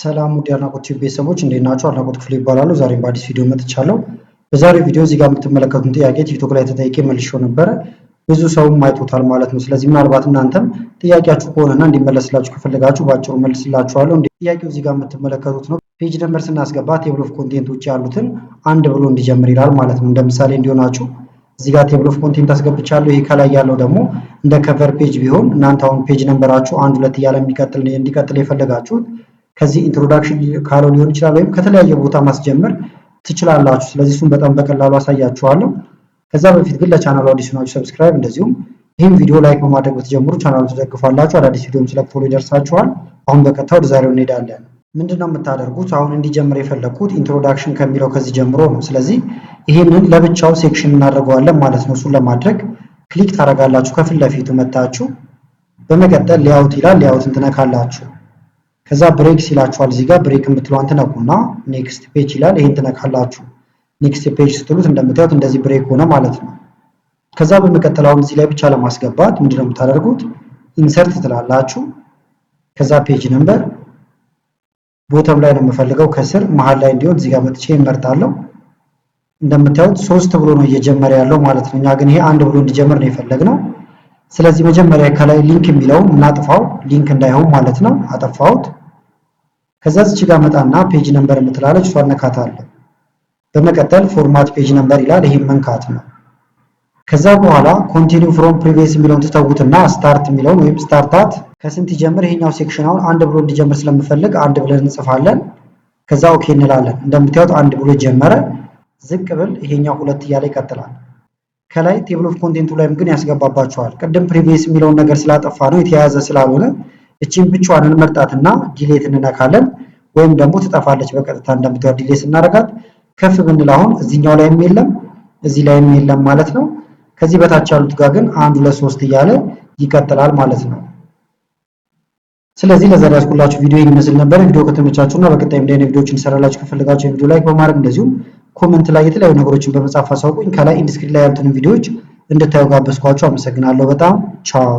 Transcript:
ሰላም ውድ አድናቆት ቲዩብ ቤተሰቦች እንዴት ናቸው? አድናቆት ክፍሌ ይባላሉ። ዛሬም በአዲስ ቪዲዮ መጥቻለሁ። በዛሬው ቪዲዮ እዚህ ጋር የምትመለከቱን ጥያቄ ቲክቶክ ላይ ተጠይቄ መልሼው ነበረ። ብዙ ሰውም አይቶታል ማለት ነው። ስለዚህ ምናልባት እናንተም ጥያቄያችሁ ከሆነና እንዲመለስላችሁ ከፈለጋችሁ በአጭሩ መልስላችኋለሁ። ጥያቄው እዚህ ጋር የምትመለከቱት ነው። ፔጅ ነምበር ስናስገባ ቴብል ኦፍ ኮንቴንት ውጭ ያሉትን አንድ ብሎ እንዲጀምር ይላል ማለት ነው። እንደ ምሳሌ እንዲሆናችሁ እዚህ ጋር ቴብል ኦፍ ኮንቴንት አስገብቻለሁ። ይሄ ከላይ ያለው ደግሞ እንደ ከቨር ፔጅ ቢሆን እናንተ አሁን ፔጅ ነምበራችሁ አንድ ሁለት እያለ እንዲቀጥል የፈለጋችሁት ከዚህ ኢንትሮዳክሽን ካለው ሊሆን ይችላል ወይም ከተለያየ ቦታ ማስጀመር ትችላላችሁ። ስለዚህ እሱን በጣም በቀላሉ አሳያችኋለሁ። ከዛ በፊት ግን ለቻናሉ አዲስ ናችሁ ሰብስክራይብ፣ እንደዚሁም ይህም ቪዲዮ ላይክ በማድረግ በተጀምሩ ቻናሉ ትደግፋላችሁ። አዳዲስ ቪዲዮም ስለክፎሎ ይደርሳችኋል። አሁን በቀጥታ ወደ ዛሬው እንሄዳለን። ምንድን ነው የምታደርጉት? አሁን እንዲጀምር የፈለግኩት ኢንትሮዳክሽን ከሚለው ከዚህ ጀምሮ ነው። ስለዚህ ይህንን ለብቻው ሴክሽን እናደርገዋለን ማለት ነው። እሱን ለማድረግ ክሊክ ታደርጋላችሁ ከፊት ለፊቱ መታችሁ። በመቀጠል ሊያውት ይላል። ሊያውት እንትነካላችሁ? ከዛ ብሬክ ሲላችኋል እዚህ ጋር ብሬክ የምትለዋን ትነኩና ኔክስት ፔጅ ይላል። ይሄን ትነካላችሁ። ኔክስት ፔጅ ስትሉት እንደምታዩት እንደዚህ ብሬክ ሆነ ማለት ነው። ከዛ በመቀጠላውን እዚህ ላይ ብቻ ለማስገባት ምንድነው የምታደርጉት? ኢንሰርት ትላላችሁ። ከዛ ፔጅ ነምበር ቦተም ላይ ነው የምፈልገው ከስር መሀል ላይ እንዲሆን እዚህ ጋር መጥቼ ይመርጣለሁ። እንደምታዩት ሶስት ብሎ ነው እየጀመረ ያለው ማለት ነው። እኛ ግን ይሄ አንድ ብሎ እንዲጀምር ነው የፈለግነው። ስለዚህ መጀመሪያ ከላይ ሊንክ የሚለውን እናጥፋው፣ ሊንክ እንዳይሆን ማለት ነው። አጠፋሁት። ከዛ እዚህ ጋር መጣና ፔጅ ነምበር የምትላለች እሷን ነካታለሁ። በመቀጠል ፎርማት ፔጅ ነምበር ይላል። ይህም መንካት ነው። ከዛ በኋላ ኮንቲኒው ፍሮም ፕሪቪየስ የሚለውን ትተውትና ስታርት የሚለውን ወይም ስታርታት ከስንት ይጀምር? ይሄኛው ሴክሽን አሁን አንድ ብሎ እንዲጀምር ስለምፈልግ አንድ ብለን እንጽፋለን። ከዛ ኦኬ እንላለን። እንደምታዩት አንድ ብሎ ጀመረ። ዝቅ ብል ይሄኛው ሁለት እያለ ይቀጥላል። ከላይ ቴብል ኦፍ ኮንቴንቱ ላይም ግን ያስገባባቸዋል። ቅድም ፕሪቪየስ የሚለውን ነገር ስላጠፋ ነው የተያያዘ ስላልሆነ እቺን ብቻዋን እንመርጣትና ዲሌት እንነካለን ወይም ደግሞ ትጠፋለች በቀጥታ እንደምታዩት ዲሌት እናደርጋት። ከፍ ብንል አሁን እዚኛው ላይም የለም እዚህ ላይም የለም ማለት ነው። ከዚህ በታች ያሉት ጋር ግን አንድ ሁለት ሶስት እያለ ይቀጥላል ማለት ነው። ስለዚህ ለዛሬ ያስኩላችሁ ቪዲዮ ይመስል ነበር። ቪዲዮ ከተመቻችሁ እና በቀጣይ እንደዚህ ቪዲዮዎችን እንሰራላችሁ ከፈለጋችሁ ቪዲዮ ላይክ በማድረግ እንደዚሁም ኮመንት ላይ የተለያዩ ነገሮችን በመጻፍ አሳውቁኝ። ከላይ ኢንዲስክሪፕሽን ላይ ያሉትን ቪዲዮዎች እንድታዩ ጋበዝኳችሁ። አመሰግናለሁ በጣም ቻው።